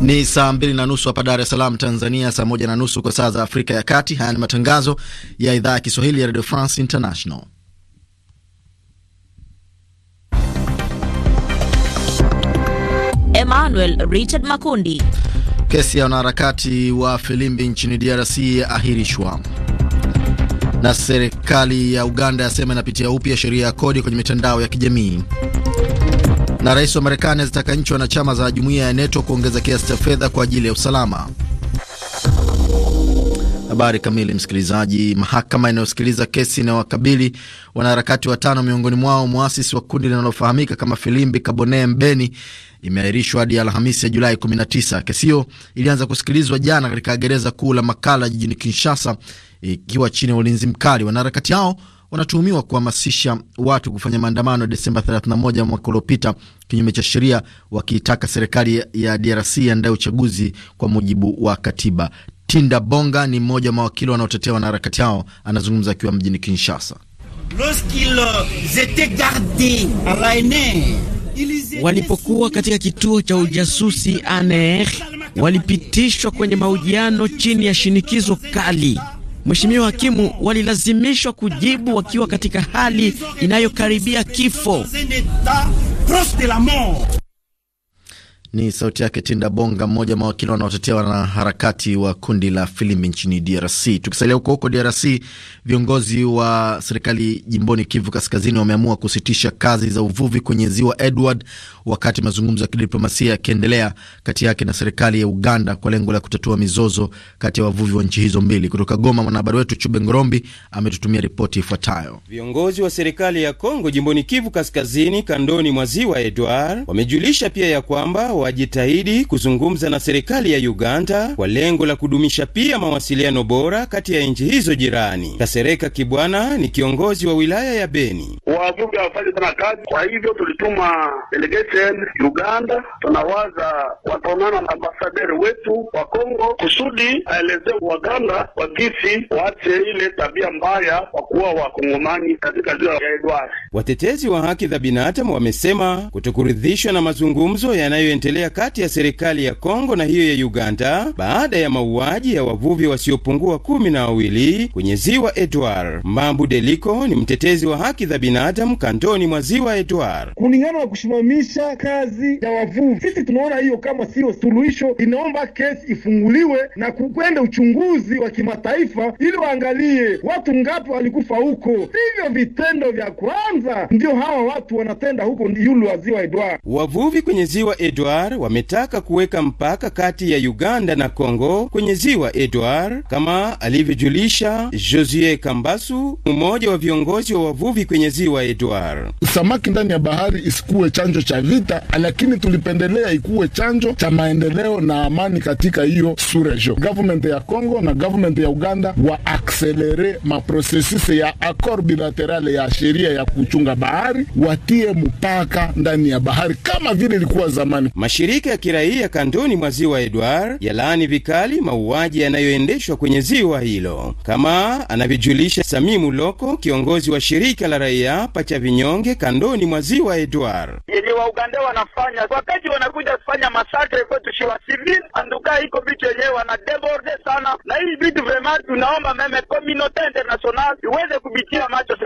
Ni saa mbili na nusu hapa Dar es Salaam, Tanzania, saa moja na nusu kwa saa za Afrika ya Kati. Haya ni matangazo ya idhaa ya Kiswahili ya Radio France International. Emmanuel Richard Makundi. Kesi ya wanaharakati wa Filimbi nchini DRC yaahirishwa na serikali ya Uganda yasema inapitia upya sheria ya kodi kwenye mitandao ya kijamii na rais wa Marekani azitaka nchi wanachama za jumuiya ya NATO kuongeza kiasi cha fedha kwa ajili ya usalama. Habari kamili, msikilizaji. Mahakama inayosikiliza kesi inayowakabili wanaharakati watano, miongoni mwao mwasisi wa kundi linalofahamika kama Filimbi Kabone Mbeni imeahirishwa hadi Alhamisi ya Julai 19. Kesi hiyo ilianza kusikilizwa jana katika gereza kuu la Makala jijini Kinshasa, ikiwa chini ya ulinzi mkali. Wanaharakati hao wanatuhumiwa kuhamasisha watu kufanya maandamano Desemba 31 mwaka uliopita kinyume cha sheria, wakiitaka serikali ya DRC iandae uchaguzi kwa mujibu wa katiba. Tinda Bonga ni mmoja wa mawakili wanaotetea wanaharakati hao, anazungumza akiwa mjini Kinshasa. Euh, Walipokuwa katika kituo cha ujasusi ANR walipitishwa kwenye mahojiano chini ya shinikizo kali Mheshimiwa hakimu, walilazimishwa kujibu wakiwa katika hali inayokaribia kifo. Ni sauti yake Tinda Bonga, mmoja mawakili wanaotetea wanaharakati wa kundi la filimbi nchini DRC. Tukisalia huko huko DRC, viongozi wa serikali jimboni Kivu Kaskazini wameamua kusitisha kazi za uvuvi kwenye ziwa Edward, wakati mazungumzo ya kidiplomasia yakiendelea kati yake na serikali ya Uganda kwa lengo la kutatua mizozo kati ya wavuvi wa nchi hizo mbili. Kutoka Goma, mwanahabari wetu Chube Ngorombi ametutumia ripoti ifuatayo. Viongozi wa serikali ya Kongo jimboni Kivu Kaskazini, kandoni mwa ziwa Edward, wamejulisha pia ya kwamba wa wajitahidi kuzungumza na serikali ya Uganda kwa lengo la kudumisha pia mawasiliano bora kati ya nchi hizo jirani. Kasereka Kibwana ni kiongozi wa wilaya ya Beni. Wavuvi hawafanyi sana kazi, kwa hivyo tulituma delegation Uganda. Tunawaza wataonana na ambasaderi wetu wa Kongo kusudi aelezee Waganda jisi waache ile tabia mbaya kwa kuwa wakongomani katika ziwa ya Edward. Watetezi wa haki za binadamu wamesema kutokuridhishwa na mazungumzo yanayoendelea unaoendelea kati ya serikali ya Kongo na hiyo ya Uganda baada ya mauaji ya wavuvi wasiopungua kumi na wawili kwenye ziwa Edward. Mambu Deliko ni mtetezi wa haki za binadamu kantoni mwa ziwa Edward. kulingana na kusimamisha kazi ya wavuvi, sisi tunaona hiyo kama siyo suluhisho, inaomba kesi ifunguliwe na kukwenda uchunguzi wa kimataifa ili waangalie watu ngapi walikufa huko, hivyo vitendo vya kwanza ndio hawa watu wanatenda huko yulu wa ziwa Edward. Wavuvi kwenye ziwa Edward Edward wametaka kuweka mpaka kati ya Uganda na congo kwenye ziwa Edward, kama alivyojulisha Josie Kambasu, mmoja wa viongozi wa wavuvi kwenye ziwa Edward. Samaki ndani ya bahari isikuwe chanjo cha vita, lakini tulipendelea ikuwe chanjo cha maendeleo na amani katika hiyo surejo. Government ya congo na government ya Uganda wa akselere maprosesise ya akor bilaterale ya sheria ya kuchunga bahari, watie mpaka ndani ya bahari kama vile ilikuwa zamani. Mashirika ya kiraia kandoni mwa ziwa Edward yalaani vikali mauaji yanayoendeshwa kwenye ziwa hilo, kama anavyojulisha Samimu Loko, kiongozi wa shirika la raia pacha vinyonge kandoni mwa ziwa Edward. Yenye Wauganda wanafanya wakati wanakuja kufanya masakre kwetu shiwa sivili anduka, iko vitu yenyewe wanadeborde sana, na hii vitu vrema tunaomba meme komunote international iweze kubitia macho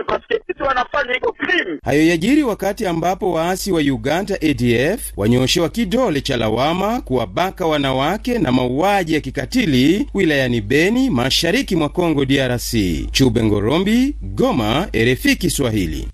sisi wanafanya iko krimi. Hayo yajiri wakati ambapo waasi wa Uganda ADF wanyooshewa kidogo kidole cha lawama kuwabaka wanawake na mauaji ya kikatili wilayani Beni, mashariki mwa Kongo DRC. Chube Ngorombi, Goma, RFI Kiswahili.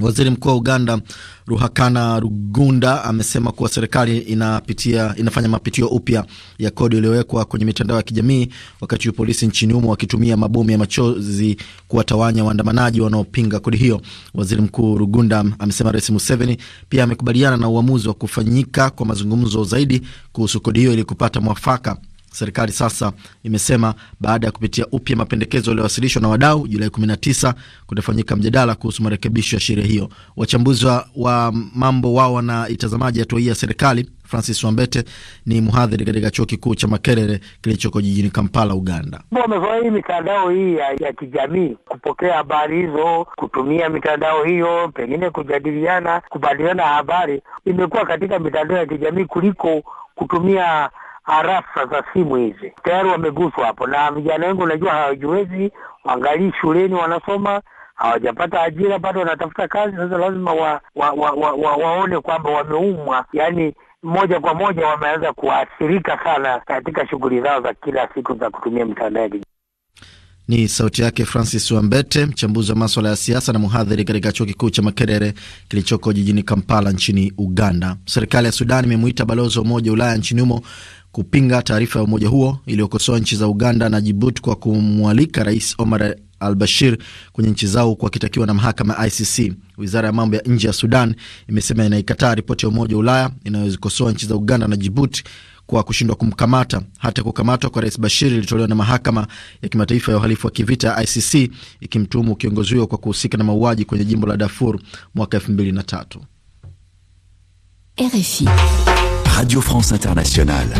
Waziri Mkuu wa Uganda Ruhakana Rugunda amesema kuwa serikali inapitia, inafanya mapitio upya ya kodi iliyowekwa kwenye mitandao ya kijamii, wakati huu polisi nchini humo wakitumia mabomu ya machozi kuwatawanya waandamanaji wanaopinga kodi hiyo. Waziri Mkuu Rugunda amesema Rais Museveni pia amekubaliana na uamuzi wa kufanyika kwa mazungumzo zaidi kuhusu kodi hiyo ili kupata mwafaka Serikali sasa imesema baada ya kupitia upya mapendekezo yaliyowasilishwa na wadau, Julai 19 kutafanyika mjadala kuhusu marekebisho ya sheria hiyo. Wachambuzi wa, wa mambo wao wana itazamaji hatua hii ya serikali. Francis Wambete ni mhadhiri katika chuo kikuu cha Makerere kilichoko jijini Kampala, Uganda. Wamefurahi mitandao hii ya, ya kijamii kupokea habari hizo, kutumia mitandao hiyo, pengine kujadiliana, kubadiliana habari, imekuwa katika mitandao ya kijamii kuliko kutumia arafa za simu hizi tayari wameguswa hapo, na vijana wengi unajua hawajiwezi, wangalii shuleni wanasoma hawajapata ajira bado, wanatafuta kazi. Sasa lazima wa, wa, wa, wa, wa, waone kwamba wameumwa, yani moja kwa moja wameanza kuathirika sana katika shughuli zao za kila siku za kutumia mitandao. Ni sauti yake Francis Wambete, mchambuzi wa maswala ya siasa na mhadhiri katika chuo kikuu cha Makerere kilichoko jijini Kampala nchini Uganda. Serikali ya Sudan imemwita balozi wa Umoja wa Ulaya nchini humo kupinga taarifa ya umoja huo iliyokosoa nchi za Uganda na Jibuti kwa kumwalika Rais Omar al Bashir kwenye nchi zao huku akitakiwa na mahakama ya ICC. Wizara ya mambo ya nje ya Sudan imesema inaikataa ripoti ya Umoja wa Ulaya inayozikosoa nchi za Uganda na Jibuti kwa kushindwa kumkamata. Hata kukamatwa kwa rais Bashir ilitolewa na mahakama ya kimataifa ya uhalifu wa kivita ICC, ikimtuhumu kiongozi huyo kwa kuhusika na mauaji kwenye jimbo la Darfur mwaka 2003. RFI Radio France Internationale.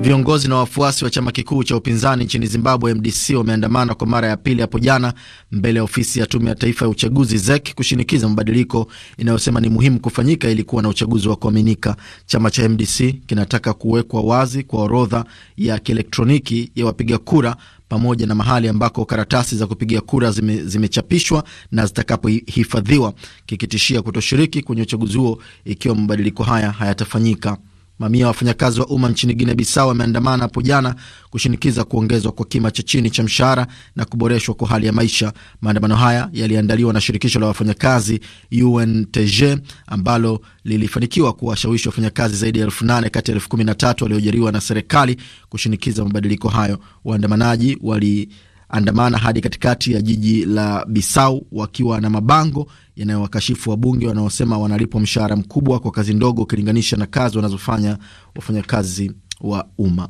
Viongozi na wafuasi wa chama kikuu cha upinzani nchini Zimbabwe MDC wameandamana kwa mara ya pili hapo jana mbele ya ofisi ya tume ya taifa ya uchaguzi ZEC kushinikiza mabadiliko inayosema ni muhimu kufanyika ili kuwa na uchaguzi wa kuaminika. Chama cha MDC kinataka kuwekwa wazi kwa orodha ya kielektroniki ya wapiga kura pamoja na mahali ambako karatasi za kupigia kura zime, zimechapishwa na zitakapohifadhiwa, kikitishia kutoshiriki kwenye uchaguzi huo ikiwa mabadiliko haya hayatafanyika. Mamia ya wafanyakazi wa umma nchini Guinea Bissau wameandamana hapo jana kushinikiza kuongezwa kwa kima cha chini cha mshahara na kuboreshwa kwa hali ya maisha. Maandamano haya yaliandaliwa na shirikisho la wafanyakazi UNTG ambalo lilifanikiwa kuwashawishi wafanyakazi zaidi ya elfu nane kati ya elfu kumi na tatu waliojeriwa na serikali kushinikiza mabadiliko hayo. Waandamanaji wali andamana hadi katikati ya jiji la Bisau wakiwa na mabango yanayowakashifu wabunge wanaosema wanalipwa mshahara mkubwa kwa kazi ndogo ukilinganisha na kazi wanazofanya wafanyakazi wa umma.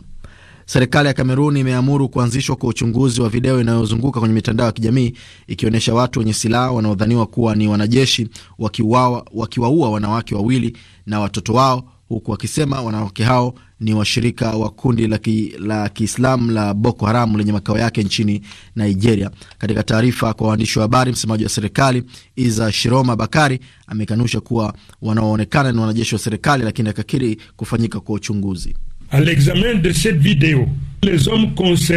Serikali ya Kamerun imeamuru kuanzishwa kwa uchunguzi wa video inayozunguka kwenye mitandao ya kijamii ikionyesha watu wenye silaha wanaodhaniwa kuwa ni wanajeshi wakiwaua wanawake wawili na watoto wao huku wakisema wanawake hao ni washirika wa kundi la Kiislamu la Boko Haram lenye makao yake nchini Nigeria. Katika taarifa kwa waandishi wa habari, msemaji wa serikali Iza Shiroma Bakari amekanusha kuwa wanaoonekana ni wanajeshi wa serikali, lakini akakiri kufanyika kwa uchunguzi. a l'examen de cette video les hommes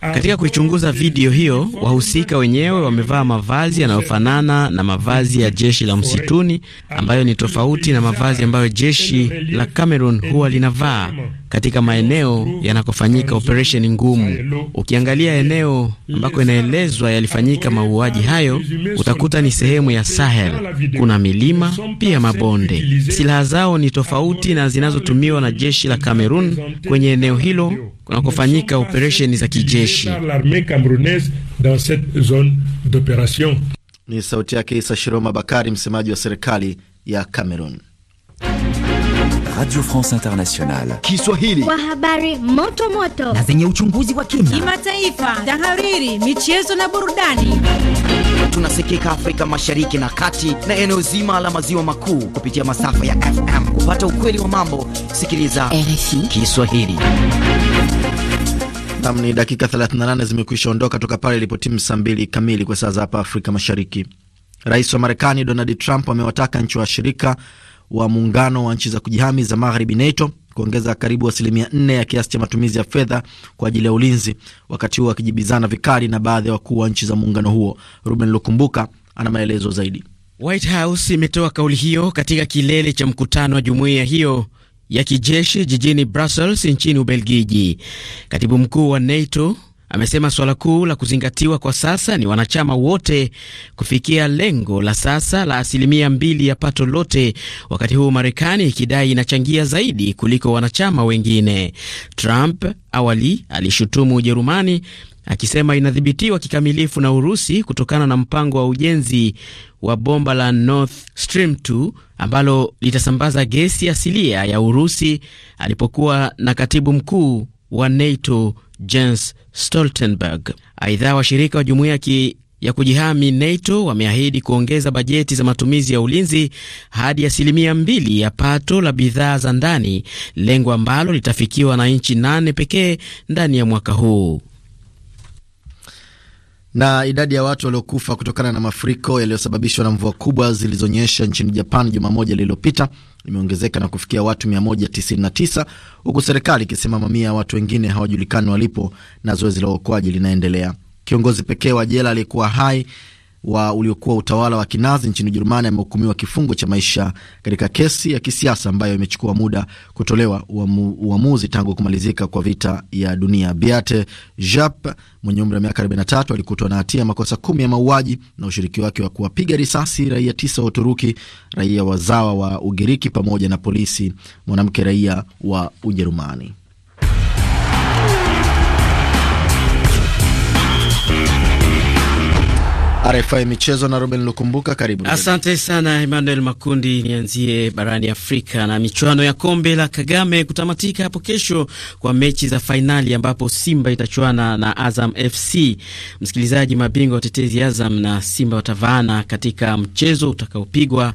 katika kuichunguza video hiyo, wahusika wenyewe wamevaa mavazi yanayofanana na mavazi ya jeshi la msituni ambayo ni tofauti na mavazi ambayo jeshi la Cameroon huwa linavaa katika maeneo yanakofanyika operesheni ngumu. Ukiangalia eneo ambako inaelezwa yalifanyika mauaji hayo, utakuta ni sehemu ya Sahel. Kuna milima pia mabonde. Silaha zao ni tofauti na zinazotumiwa na jeshi la Cameroon kwenye eneo hilo kunakofanyika operesheni za kijeshi kijeshi ni sauti yake Isa Shiroma Bakari, msemaji wa serikali ya Cameroon. Radio France Internationale Kiswahili, kwa habari moto moto na zenye uchunguzi wa kina, kimataifa, tahariri, michezo na burudani. Tunasikika Afrika Mashariki na Kati na eneo zima la maziwa makuu kupitia masafa ya FM. Kupata ukweli wa mambo, sikiliza RFI Kiswahili. Nam ni dakika 38 zimekwisha ondoka toka pale timu saa mbili kamili kwa saa za hapa Afrika Mashariki. Rais wa Marekani Donald Trump amewataka nchi washirika wa muungano wa nchi za kujihami za magharibi NATO kuongeza karibu asilimia nne ya kiasi cha matumizi ya fedha kwa ajili ya ulinzi, wakati huo akijibizana vikali na baadhi ya wakuu wa nchi za muungano huo. Ruben Lukumbuka ana maelezo zaidi. White House imetoa kauli hiyo katika kilele cha mkutano wa jumuiya hiyo ya kijeshi jijini Brussels nchini Ubelgiji. Katibu mkuu wa NATO amesema suala kuu la kuzingatiwa kwa sasa ni wanachama wote kufikia lengo la sasa la asilimia mbili ya pato lote, wakati huu Marekani ikidai inachangia zaidi kuliko wanachama wengine. Trump awali alishutumu Ujerumani akisema inadhibitiwa kikamilifu na Urusi kutokana na mpango wa ujenzi wa bomba la Nord Stream 2 ambalo litasambaza gesi asilia ya Urusi, alipokuwa na katibu mkuu wa NATO Jens Stoltenberg. Aidha, washirika wa jumuiya ya kujihami NATO wameahidi kuongeza bajeti za matumizi ya ulinzi hadi asilimia mbili ya pato la bidhaa za ndani, lengo ambalo litafikiwa na nchi nane pekee ndani ya mwaka huu. Na idadi ya watu waliokufa kutokana na mafuriko yaliyosababishwa na mvua kubwa zilizonyesha nchini Japan juma moja lililopita imeongezeka na kufikia watu 199 huku serikali ikisema mamia ya watu wengine hawajulikani walipo na zoezi la uokoaji linaendelea. Kiongozi pekee wa jela aliyekuwa hai wa uliokuwa utawala wa kinazi nchini Ujerumani amehukumiwa kifungo cha maisha katika kesi ya kisiasa ambayo imechukua muda kutolewa uamu, uamuzi tangu kumalizika kwa vita ya dunia. Beate Jap mwenye umri wa miaka 43 alikutwa na hatia makosa kumi ya mauaji na ushiriki wake wa kuwapiga risasi raia tisa wa Uturuki, raia wazawa wa Ugiriki pamoja na polisi mwanamke raia wa Ujerumani. RFI Michezo na Ruben Lukumbuka, karibu. Asante sana Emmanuel Makundi. Nianzie barani Afrika na michuano ya kombe la Kagame kutamatika hapo kesho kwa mechi za fainali ambapo Simba itachuana na Azam FC. Msikilizaji, mabingwa watetezi Azam na Simba watavaana katika mchezo utakaopigwa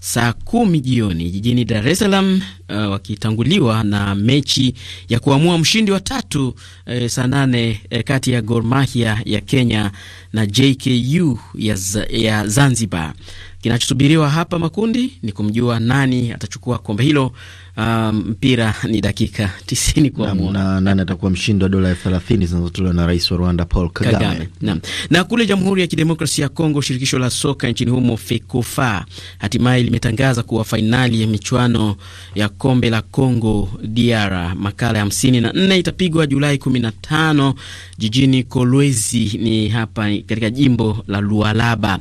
saa kumi jioni jijini Dar es Salaam, uh, wakitanguliwa na mechi ya kuamua mshindi wa tatu uh, saa nane uh, kati ya Gor Mahia ya Kenya na JKU ya, ya Zanzibar. Kinachosubiriwa hapa makundi ni kumjua nani atachukua kombe hilo. Ah, mpira um, ni dakika tisini kwa muda na nani atakuwa mshindi wa dola thelathini zinazotolewa na rais wa Rwanda Paul Kagame, Kagame. Na, na kule Jamhuri ya Kidemokrasia ya Kongo, shirikisho la soka nchini humo FEKOFA hatimaye limetangaza kuwa fainali ya michuano ya kombe la Kongo DR makala ya nne itapigwa Julai kumi na tano jijini Kolwezi, ni hapa katika jimbo la Lualaba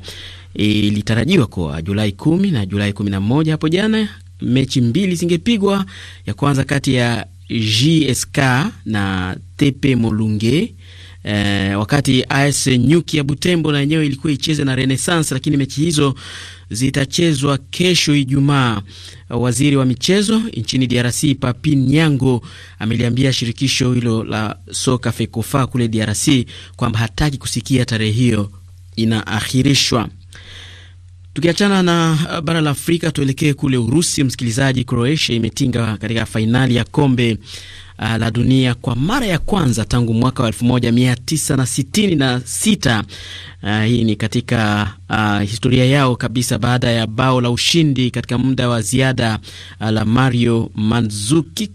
ilitarajiwa kuwa Julai kumi na Julai kumi na moja. Hapo jana mechi mbili zingepigwa, ya kwanza kati ya JSK na TP Molunge. Eh, wakati AS Nyuki ya Butembo na yenyewe ilikuwa icheze na Renaissance, lakini mechi hizo zitachezwa kesho Ijumaa. Waziri wa michezo nchini DRC Papin Nyango ameliambia shirikisho hilo la soka FEKOFA kule DRC kwamba hataki kusikia tarehe hiyo inaahirishwa. Tukiachana na uh, bara la Afrika, tuelekee kule Urusi. Msikilizaji, Croatia imetinga katika fainali ya kombe uh, la dunia kwa mara ya kwanza tangu mwaka wa 1966 uh, hii ni katika uh, historia yao kabisa, baada ya bao la ushindi katika muda wa ziada uh, la Mario Mandzukic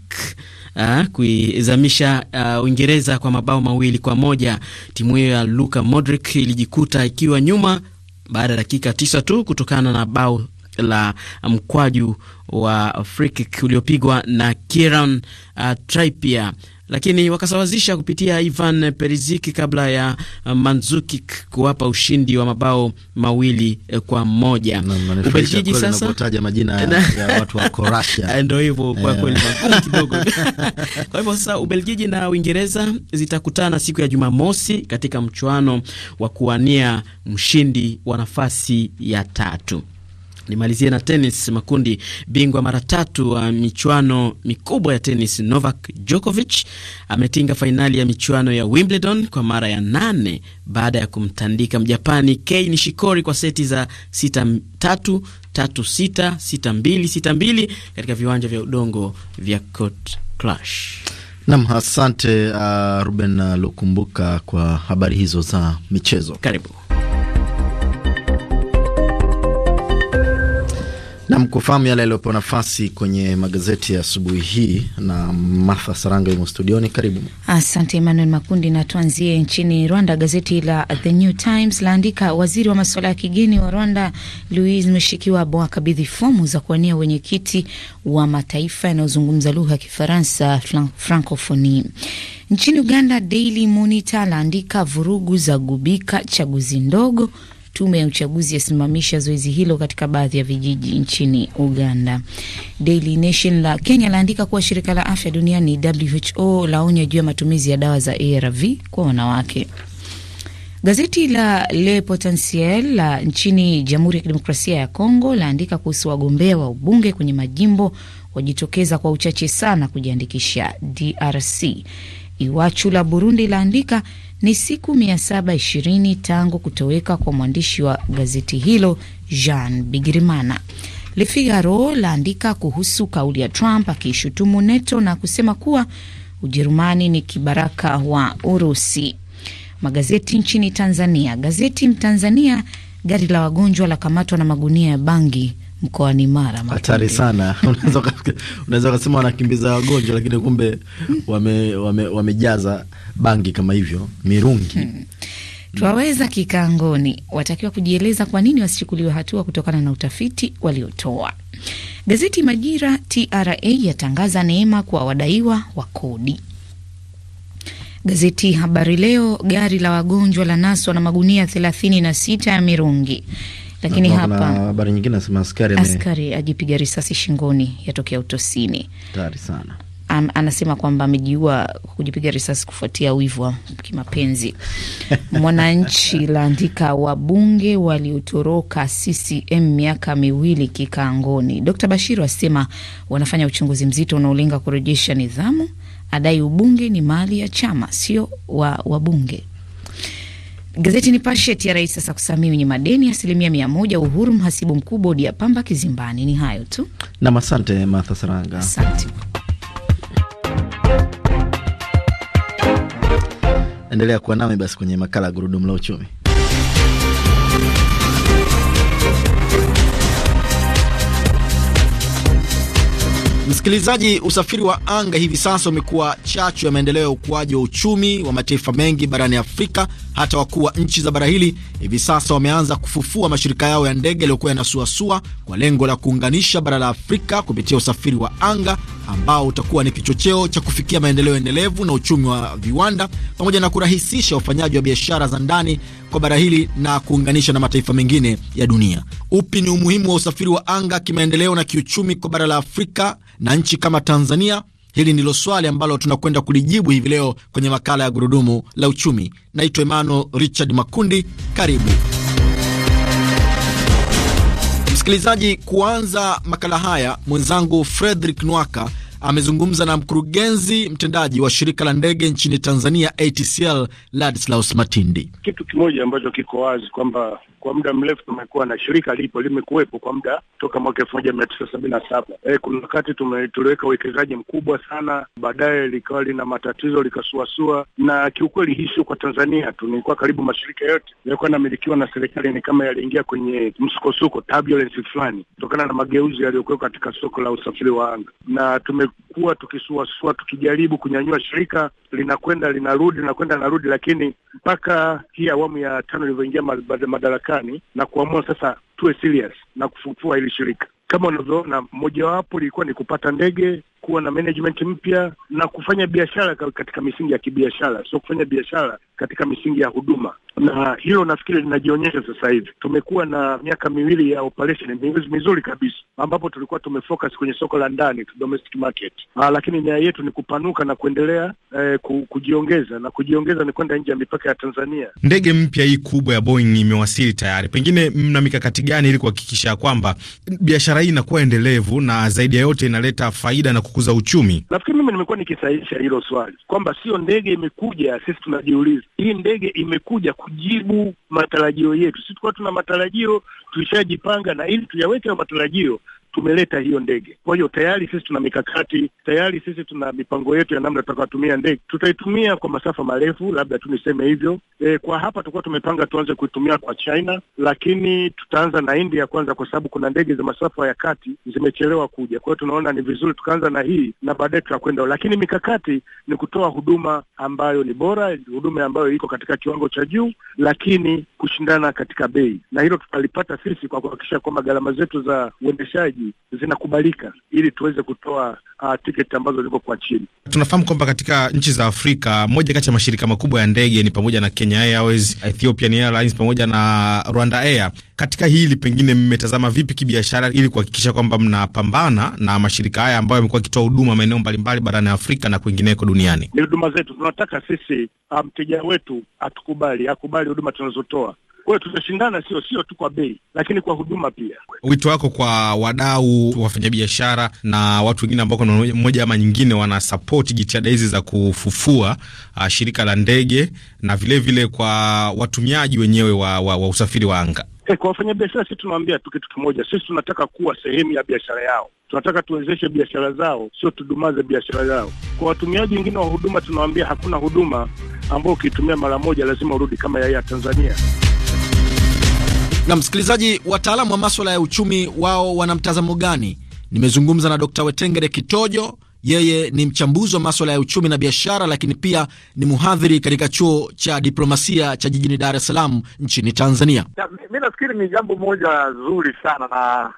Uh, kuizamisha uh, Uingereza uh, kwa mabao mawili kwa moja. Timu hiyo ya Luka Modric ilijikuta ikiwa nyuma baada ya dakika tisa tu kutokana na bao la mkwaju wa free uliopigwa na Kieran uh, Trippier lakini wakasawazisha kupitia Ivan Perisic kabla ya uh, Mandzukic kuwapa ushindi wa mabao mawili eh, kwa moja. Ubelgiji sasa taja majina ya watu wa Croatia, eh, ndio hivyo kwa eh. kweli magumu kidogo. Kwa hivyo sasa Ubelgiji na Uingereza zitakutana siku ya Jumamosi katika mchuano wa kuwania mshindi wa nafasi ya tatu. Nimalizie na tenis. Makundi bingwa mara tatu wa michuano mikubwa ya tenis, Novak Djokovic ametinga fainali ya michuano ya Wimbledon kwa mara ya nane baada ya kumtandika Mjapani Kei Nishikori kwa seti za sita tatu tatu sita sita mbili sita mbili katika viwanja vya udongo vya Court Clash. Nam, asante uh, Ruben Lukumbuka kwa habari hizo za michezo. Karibu. Nam kufahamu yale yaliyopewa nafasi kwenye magazeti ya asubuhi hii na Martha Saranga yumo studioni, karibu. Asante Emmanuel Makundi, na tuanzie nchini Rwanda. Gazeti la The New Times laandika waziri wa masuala ya kigeni wa Rwanda Louis Mushikiwabo akabidhi fomu za kuwania wenyekiti wa mataifa yanayozungumza lugha ya Kifaransa, Francofoni. Nchini Uganda, Daily Monitor laandika vurugu za gubika chaguzi ndogo tume ya uchaguzi yasimamisha zoezi hilo katika baadhi ya vijiji nchini Uganda. Daily Nation la Kenya laandika kuwa shirika la afya duniani WHO laonya juu ya matumizi ya dawa za ARV kwa wanawake. Gazeti la Le Potentiel la nchini Jamhuri ya Kidemokrasia ya Kongo laandika kuhusu wagombea wa ubunge kwenye majimbo wajitokeza kwa uchache sana kujiandikisha DRC. Iwachu la Burundi laandika ni siku 720 tangu kutoweka kwa mwandishi wa gazeti hilo Jean Bigirimana. Le Figaro laandika kuhusu kauli ya Trump akiishutumu NATO na kusema kuwa Ujerumani ni kibaraka wa Urusi. Magazeti nchini Tanzania. Gazeti Mtanzania, gari la wagonjwa la kamatwa na magunia ya bangi mkoani Mara. Hatari sana unaweza ukasema wanakimbiza wagonjwa, lakini kumbe wamejaza wame, wame bangi kama hivyo mirungi hmm. Twaweza kikangoni watakiwa kujieleza kwa nini wasichukuliwe hatua kutokana na utafiti waliotoa. Gazeti Majira TRA yatangaza neema kwa wadaiwa wa kodi. Gazeti Habari Leo, gari la wagonjwa la naswa na magunia thelathini na sita ya mirungi lakini hapa habari nyingine nasema askari, askari ajipiga risasi shingoni yatokea utosini. tayari sana. An anasema kwamba amejiua kujipiga risasi kufuatia wivu wa kimapenzi. Mwananchi laandika wabunge waliotoroka CCM miaka miwili kikaangoni. Dkt Bashiru asema wanafanya uchunguzi mzito unaolenga kurejesha nidhamu, adai ubunge ni mali ya chama, sio wa wabunge. Gazeti Nipashe ya rais sasa kusamii wenye madeni asilimia mia moja. Uhuru mhasibu mkuu bodi ya pamba kizimbani. Ni hayo tu nam, asante Martha Saranga, asante. Endelea kuwa nami basi kwenye makala ya gurudumu la uchumi. Msikilizaji, usafiri wa anga hivi sasa umekuwa chachu ya maendeleo ya ukuaji wa uchumi wa mataifa mengi barani Afrika. Hata wakuu wa nchi za bara hili hivi sasa wameanza kufufua mashirika yao ya ndege yaliyokuwa yanasuasua kwa lengo la kuunganisha bara la Afrika kupitia usafiri wa anga ambao utakuwa ni kichocheo cha kufikia maendeleo endelevu na uchumi wa viwanda pamoja na kurahisisha ufanyaji wa biashara za ndani kwa bara hili na kuunganisha na mataifa mengine ya dunia. Upi ni umuhimu wa usafiri wa anga kimaendeleo na kiuchumi kwa bara la Afrika na nchi kama Tanzania? Hili ndilo swali ambalo tunakwenda kulijibu hivi leo kwenye makala ya gurudumu la uchumi. Naitwa Emmanuel Richard Makundi, karibu msikilizaji. Kuanza makala haya, mwenzangu Frederick Nwaka amezungumza na mkurugenzi mtendaji wa shirika la ndege nchini Tanzania ATCL Ladislaus Matindi. Kitu kimoja ambacho kiko wazi kwamba kwa muda mrefu tumekuwa na shirika lipo limekuwepo kwa muda toka mwaka elfu moja mia tisa sabini na saba. E, kuna wakati tuliweka uwekezaji mkubwa sana, baadaye likawa lina matatizo likasuasua, na kiukweli hii sio kwa Tanzania tu, nilikuwa karibu mashirika yote yalikuwa yanamilikiwa na serikali ni kama yaliingia kwenye msukosuko turbulence fulani kutokana na mageuzi yaliyokuwa katika soko la usafiri wa anga na tume tumekuwa tukisuasua tukijaribu kunyanyua shirika, linakwenda linarudi, linakwenda linarudi, lakini mpaka hii awamu ya tano ilivyoingia madarakani na kuamua sasa tuwe serious na kufufua hili shirika. Kama unavyoona, mojawapo lilikuwa ni kupata ndege kuwa na management mpya na kufanya biashara katika misingi ya kibiashara, sio kufanya biashara katika misingi ya huduma, na hilo nafikiri linajionyesha sasa hivi. Tumekuwa na miaka miwili ya operation mizuri kabisa, ambapo tulikuwa tumefocus kwenye soko la ndani, domestic market. Ah, lakini nia yetu ni kupanuka na kuendelea eh, kujiongeza na kujiongeza ni kwenda nje ya mipaka ya Tanzania. Ndege mpya hii kubwa ya Boeing imewasili tayari, pengine mna mikakati gani ili kuhakikisha kwamba biashara hii inakuwa endelevu na zaidi ya yote inaleta faida na kuku kukuza uchumi? Nafikiri mimi nimekuwa nikisahihisha hilo swali kwamba sio ndege imekuja, sisi tunajiuliza hii ndege imekuja kujibu matarajio yetu. Sisi tulikuwa tuna matarajio, tulishajipanga na ili tuyaweke matarajio, tumeleta hiyo ndege. Kwa hiyo tayari sisi tuna mikakati, tayari sisi tuna mipango yetu ya namna tutakayotumia ndege. Tutaitumia kwa masafa marefu, labda tu niseme hivyo. E, kwa hapa tulikuwa tumepanga tuanze kuitumia kwa China, lakini tutaanza na India kwanza, kwa sababu kuna ndege za masafa ya kati zimechelewa kuja. Kwa hiyo tunaona ni vizuri tukaanza na hii na baadaye tutakwenda, lakini mikakati ni kutoa huduma ambayo ni bora, huduma ambayo iko katika kiwango cha juu, lakini kushindana katika bei, na hilo tutalipata sisi kwa kuhakikisha kwamba gharama zetu za uendeshaji hizi zinakubalika ili tuweze kutoa uh, tiketi ambazo ziko kwa chini. Tunafahamu kwamba katika nchi za Afrika moja kati ya mashirika makubwa ya ndege ni pamoja na Kenya Airways, Ethiopian Airlines pamoja na Rwanda Air. Katika hili pengine mmetazama vipi kibiashara ili kuhakikisha kwamba mnapambana na mashirika haya ambayo yamekuwa yakitoa huduma maeneo mbalimbali barani Afrika na kwingineko duniani? Ni huduma zetu tunataka sisi, ah, mteja um, wetu atukubali, akubali huduma tunazotoa kwa hiyo tunashindana, sio sio tu kwa bei, lakini kwa huduma pia. Wito wako kwa wadau, wafanyabiashara na watu wengine ambao mmoja ama nyingine wanasapoti jitihada hizi za kufufua uh, shirika la ndege na vilevile vile kwa watumiaji wenyewe wa, wa, wa usafiri wa anga Hey, eh, kwa wafanyabiashara, sisi tunawaambia tu kitu kimoja, sisi tunataka kuwa sehemu ya biashara yao tunataka tuwezeshe biashara zao, sio tudumaze biashara zao. Kwa watumiaji wengine wa huduma tunawaambia hakuna huduma ambayo ukiitumia mara moja lazima urudi kama yaya ya Tanzania. Na msikilizaji, wataalamu wa maswala ya uchumi wao wana mtazamo gani? Nimezungumza na Dr. Wetengere Kitojo, yeye ni mchambuzi wa maswala ya uchumi na biashara, lakini pia ni mhadhiri katika chuo cha diplomasia cha jijini Dar es Salaam nchini Tanzania. Mi nafikiri ni jambo moja zuri sana na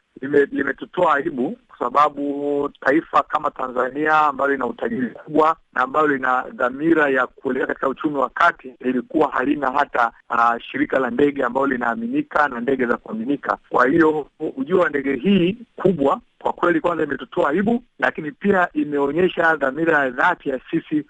limetutoa lime aibu kwa sababu taifa kama Tanzania ambalo lina utajiri mm. mkubwa na ambalo lina dhamira ya kuelekea katika uchumi wa kati lilikuwa halina hata uh, shirika la ndege ambalo linaaminika na ndege za kuaminika. Kwa hiyo ujio wa ndege hii kubwa kwa kweli kwanza imetutoa aibu, lakini pia imeonyesha dhamira ya dhati ya sisi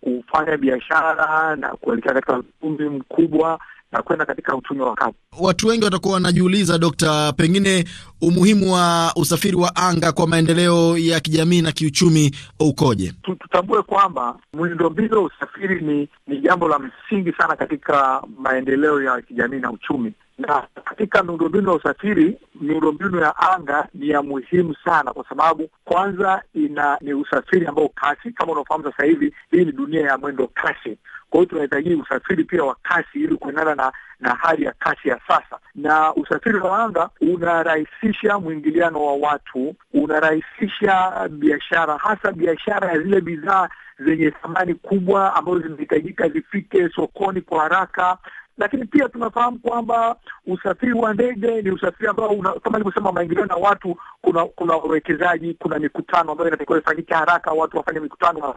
kufanya biashara na kuelekea katika uchumi mkubwa na kwenda katika uchumi wa kazi. Watu wengi watakuwa wanajiuliza, Dokta, pengine umuhimu wa usafiri wa anga kwa maendeleo ya kijamii na kiuchumi ukoje? Tutambue kwamba miundombinu ya usafiri ni, ni jambo la msingi sana katika maendeleo ya kijamii na uchumi na katika miundombinu ya usafiri, miundombinu ya anga ni ya muhimu sana, kwa sababu kwanza ina ni usafiri ambao kasi, kama unaofahamu sasa hivi, hii ni dunia ya mwendo kasi. Kwa hiyo tunahitaji usafiri pia wa kasi ili kuendana na na hali ya kasi ya sasa. Na usafiri wa anga unarahisisha mwingiliano wa watu, unarahisisha biashara, hasa biashara ya zile bidhaa zenye thamani kubwa ambazo zinahitajika zifike sokoni kwa haraka lakini pia tunafahamu kwamba usafiri wa ndege ni usafiri ambao kama ilivyosema maingilio na watu, kuna kuna uwekezaji, kuna mikutano ambayo inatakiwa ifanyike haraka, watu wafanye mikutano.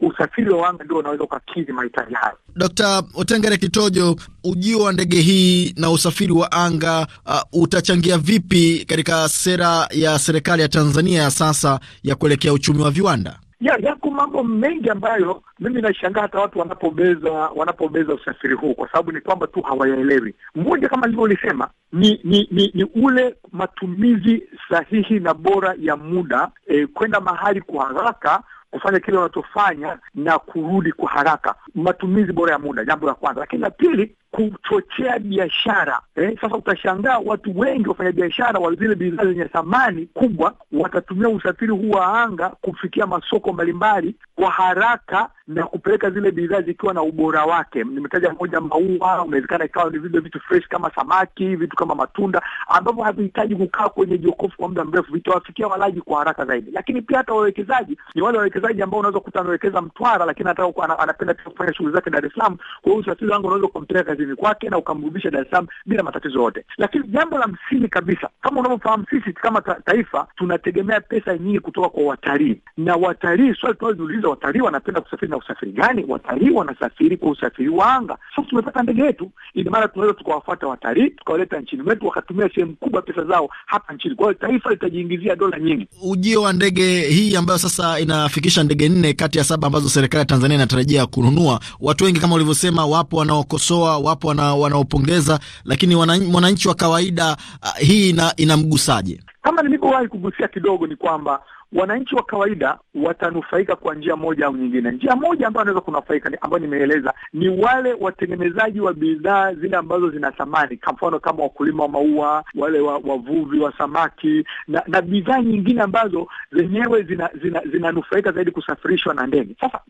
Usafiri wa anga ndio unaweza ukakidhi mahitaji hayo. Dr. Otengere Kitojo, ujio wa ndege hii na usafiri wa anga uh, utachangia vipi katika sera ya serikali ya Tanzania ya sasa ya kuelekea uchumi wa viwanda? ya yako mambo mengi ambayo mimi nashangaa hata watu wanapobeza wanapobeza usafiri huu, kwa sababu ni kwamba tu hawayaelewi. Mmoja kama nilivyolisema ni ni, ni ni ule matumizi sahihi na bora ya muda eh, kwenda mahali kwa haraka kufanya kile wanachofanya na kurudi kwa haraka. Matumizi bora ya muda, jambo la kwanza, lakini la pili kuchochea biashara eh. Sasa utashangaa watu wengi wafanya biashara wa zile bidhaa zenye thamani kubwa watatumia usafiri huu wa anga kufikia masoko mbalimbali kwa haraka na kupeleka zile bidhaa zikiwa na ubora wake. Nimetaja moja, maua, unawezekana ikawa ni vile vitu fresh kama samaki, vitu kama matunda ambavyo havihitaji kukaa kwenye jokofu kwa muda mrefu, vitawafikia walaji kwa haraka zaidi. Lakini pia hata wawekezaji, ni wale wawekezaji ambao unaweza kukuta amewekeza Mtwara, lakini anataka anapenda pia kufanya shughuli zake Dar es Salaam. Kwa hiyo usafiri wangu unaweza kumpeleka kazini kwake na ukamrudisha Dar es Salaam bila matatizo yote. Lakini jambo la msingi kabisa, kama unavyofahamu, sisi kama ta taifa tunategemea pesa nyingi kutoka kwa watalii, na watalii, swali tunalojiuliza, watalii wanapenda kusafiri na usafiri gani? Watalii wanasafiri kwa usafiri wa anga. Sasa tumepata ndege yetu, ina maana tunaweza tukawafuata watalii tukawaleta nchini mwetu, wakatumia sehemu kubwa pesa zao hapa nchini. Kwa hiyo taifa litajiingizia dola nyingi. Ujio wa ndege hii ambayo sasa inafikisha ndege nne kati ya saba ambazo serikali ya Tanzania inatarajia kununua, watu wengi kama ulivyosema, wapo wanaokosoa wapo wana, wanaopongeza, lakini mwananchi wa kawaida uh, hii ina, Kama nilivyowahi kugusia kidogo, ni kwamba wananchi wa kawaida watanufaika kwa njia moja au nyingine. Njia moja ambayo wanaweza kunufaika ambayo nimeeleza ni wale watengenezaji wa bidhaa zile ambazo zina thamani, kwa mfano kama wakulima wa maua, wale wavuvi wa, wa samaki na, na bidhaa nyingine ambazo zenyewe zinanufaika zina, zina zaidi kusafirishwa na ndege. Sasa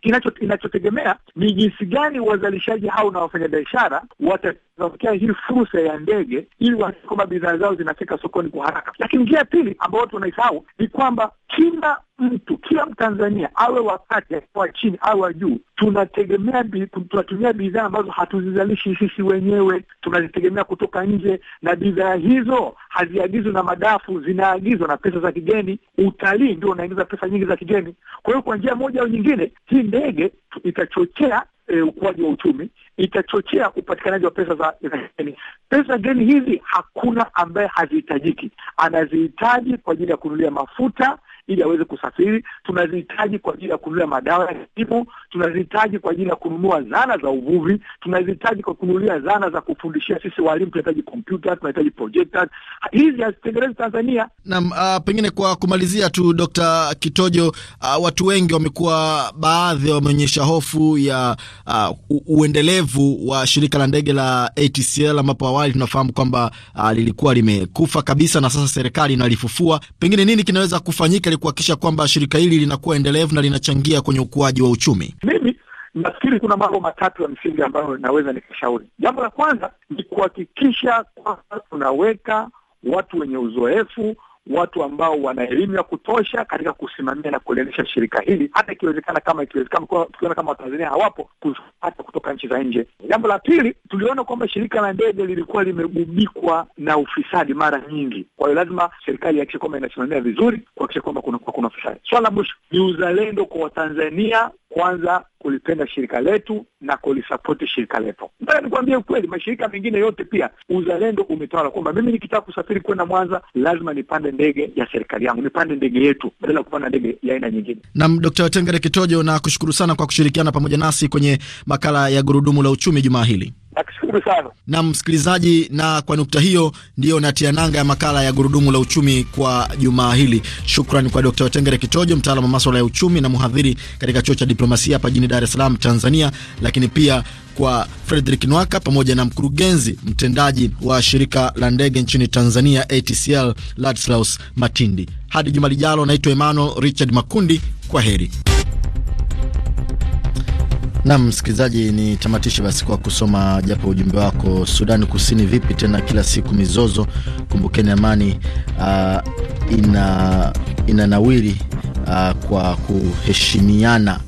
inachotegemea ni jinsi gani wazalishaji hao na wafanyabiashara watawekea hii fursa ya ndege ili wahakikishe kwamba bidhaa zao zinafika sokoni kwa haraka. Lakini njia ya pili ambayo watu wanaisahau ni kwamba ki kila mtu, kila Mtanzania awe wakati wa chini awe juu, tunategemea tunatumia bidhaa ambazo hatuzizalishi sisi wenyewe, tunazitegemea kutoka nje, na bidhaa hizo haziagizwi na madafu, zinaagizwa na pesa za kigeni. Utalii ndio unaingiza pesa nyingi za kigeni. Kwa hiyo kwa njia moja au nyingine, hii ndege itachochea E, ukuaji wa uchumi itachochea upatikanaji wa pesa za geni. Pesa geni hizi hakuna ambaye hazihitajiki, anazihitaji kwa ajili ya kununulia mafuta, ili aweze kusafiri, tunazihitaji kwa ajili ya kununua madawa ya kilimo, tunazihitaji kwa ajili ya kununua zana za uvuvi, tunazihitaji kwa kununulia zana za kufundishia. Sisi walimu tunahitaji kompyuta, tunahitaji projectors, hizi hazitengenezwi Tanzania. Naam, uh, pengine kwa kumalizia tu Dr. Kitojo, uh, watu wengi wamekuwa, baadhi wameonyesha hofu ya uh, uendelevu wa shirika la ndege la ATCL ambapo awali tunafahamu kwamba uh, lilikuwa limekufa kabisa na sasa serikali inalifufua. Pengine nini kinaweza kufanyika kuhakikisha kwamba shirika hili linakuwa endelevu na linachangia kwenye ukuaji wa uchumi? Mimi nafikiri kuna mambo matatu ya msingi ambayo naweza nikashauri. Jambo la kwanza ni kuhakikisha kwamba tunaweka watu wenye uzoefu watu ambao wana elimu ya kutosha katika kusimamia na kuendesha shirika hili, hata ikiwezekana, kama ikiwezekana, kama Watanzania hawapo, hata kutoka nchi za nje. Jambo la pili, tuliona kwamba shirika la ndege lilikuwa limegubikwa na ufisadi mara nyingi. Kwa hiyo lazima serikali ihakikishe kwamba inasimamia vizuri, kuhakikisha kwamba kuna, kuna ufisadi. Swala la mwisho ni uzalendo kwa Watanzania kwanza kulipenda shirika letu na kulisapoti shirika letu. Nataka nikwambie ukweli, mashirika mengine yote pia uzalendo umetawala, kwamba mimi nikitaka kusafiri kwenda Mwanza lazima nipande ndege ya serikali yangu, nipande ndege yetu badala ya kupanda ndege ya aina nyingine. Nam Dr. tengere Kitojo, na kushukuru sana kwa kushirikiana pamoja nasi kwenye makala ya Gurudumu la Uchumi jumaa hili. Nakushukuru sana na msikilizaji, na kwa nukta hiyo ndiyo natia nanga ya makala ya gurudumu la uchumi kwa jumaa hili. shukran kwa Dr. watengere Kitojo, mtaalamu wa maswala ya uchumi na mhadhiri katika chuo cha diplomasia hapa jijini Dar es Salaam, Tanzania, lakini pia kwa Frederick Nwaka pamoja na mkurugenzi mtendaji wa shirika la ndege nchini Tanzania ATCL, Ladislaus Matindi. Hadi juma lijalo, naitwa Emmanuel Richard Makundi, kwa heri. Nam msikilizaji, ni tamatishe basi kwa kusoma japo ujumbe wako. Sudani Kusini, vipi tena? Kila siku mizozo, kumbukeni amani uh, ina nawiri uh, kwa kuheshimiana.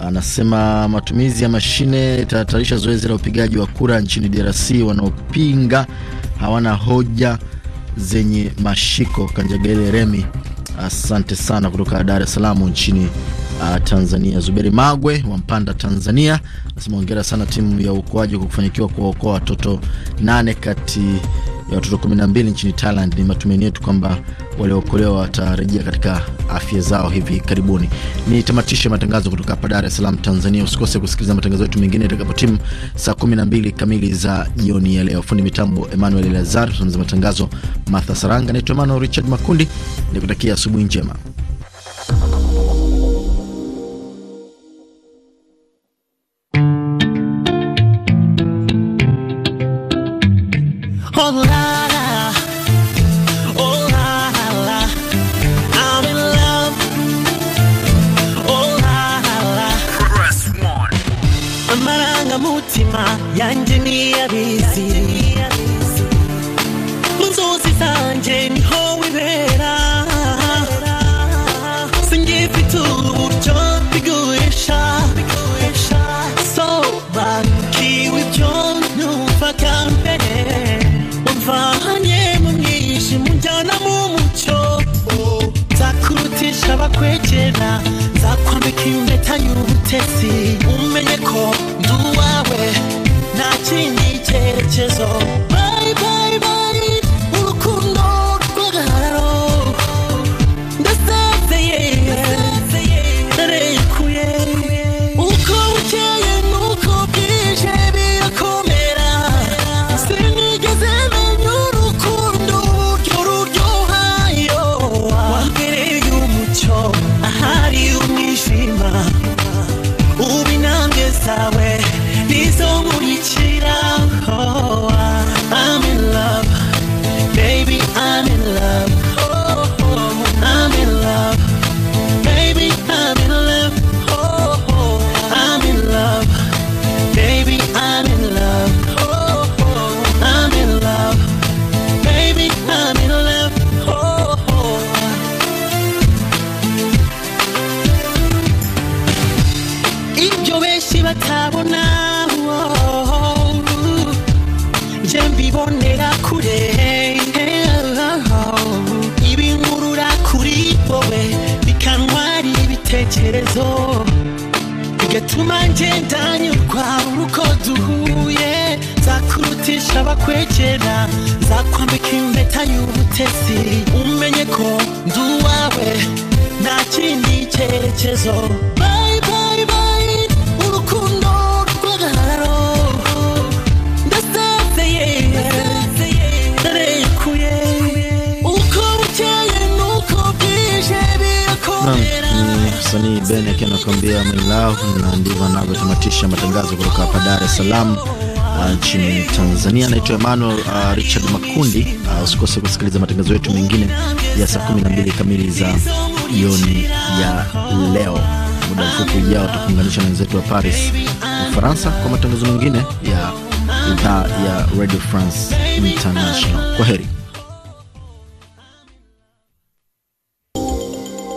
Anasema uh, matumizi ya mashine itahatarisha zoezi la upigaji wa kura nchini DRC. Wanaopinga hawana hoja zenye mashiko. Kanjagele Remi, asante uh, sana kutoka Dar es Salaam nchini uh, Tanzania. Zuberi Magwe wa Mpanda, Tanzania nasema hongera sana timu ya uokoaji kwa kufanikiwa kuwaokoa watoto nane kati ya watoto 12 nchini Thailand. Ni matumaini yetu kwamba waliookolewa watarejea katika afya zao hivi karibuni. Ni tamatishe matangazo kutoka hapa Dar es Salaam, Tanzania. Usikose kusikiliza matangazo yetu mengine itakapo timu saa 12 kamili za jioni ya leo. Fundi mitambo Emmanuel Lazar, tunaanza matangazo Martha Saranga. Naitwa Emmanuel Richard Makundi, nikutakia asubuhi njema. yanjeni yabizi inzozi zanjye niho wibera singifite uburyo bigurisha so bakiwe ibyo numvaga mbere umvanye mu mwijima unjyana mu mucyo nzakurutisha abakwegera nzakwambika impeta y'ubutesi umenye ko ndi uwawe chini chechezo bituma ngenda nyurwa uko duhuye nzakurutisha abakwegera nzakwambika impeta y'ubutesi umenye ko ndi uwawe nta kindi cyerekezo bayi bayi bayi urukundo rw'agahararo ndasezeye ndarekuye uko bukeye n'uko bwije birakomera msanii Benek anakuambia my love, na ndivyo anavyotamatisha matangazo kutoka hapa Dar es Salaam uh, nchini uh, Tanzania. Naitwa Emmanuel uh, Richard Makundi. Uh, usikose kusikiliza matangazo yetu mengine ya saa 12 kamili za jioni ya leo. Muda mfupi ujao tutakuunganisha na wenzetu wa Paris, Ufaransa, kwa matangazo mengine ya idhaa ya Radio France International. Kwa heri.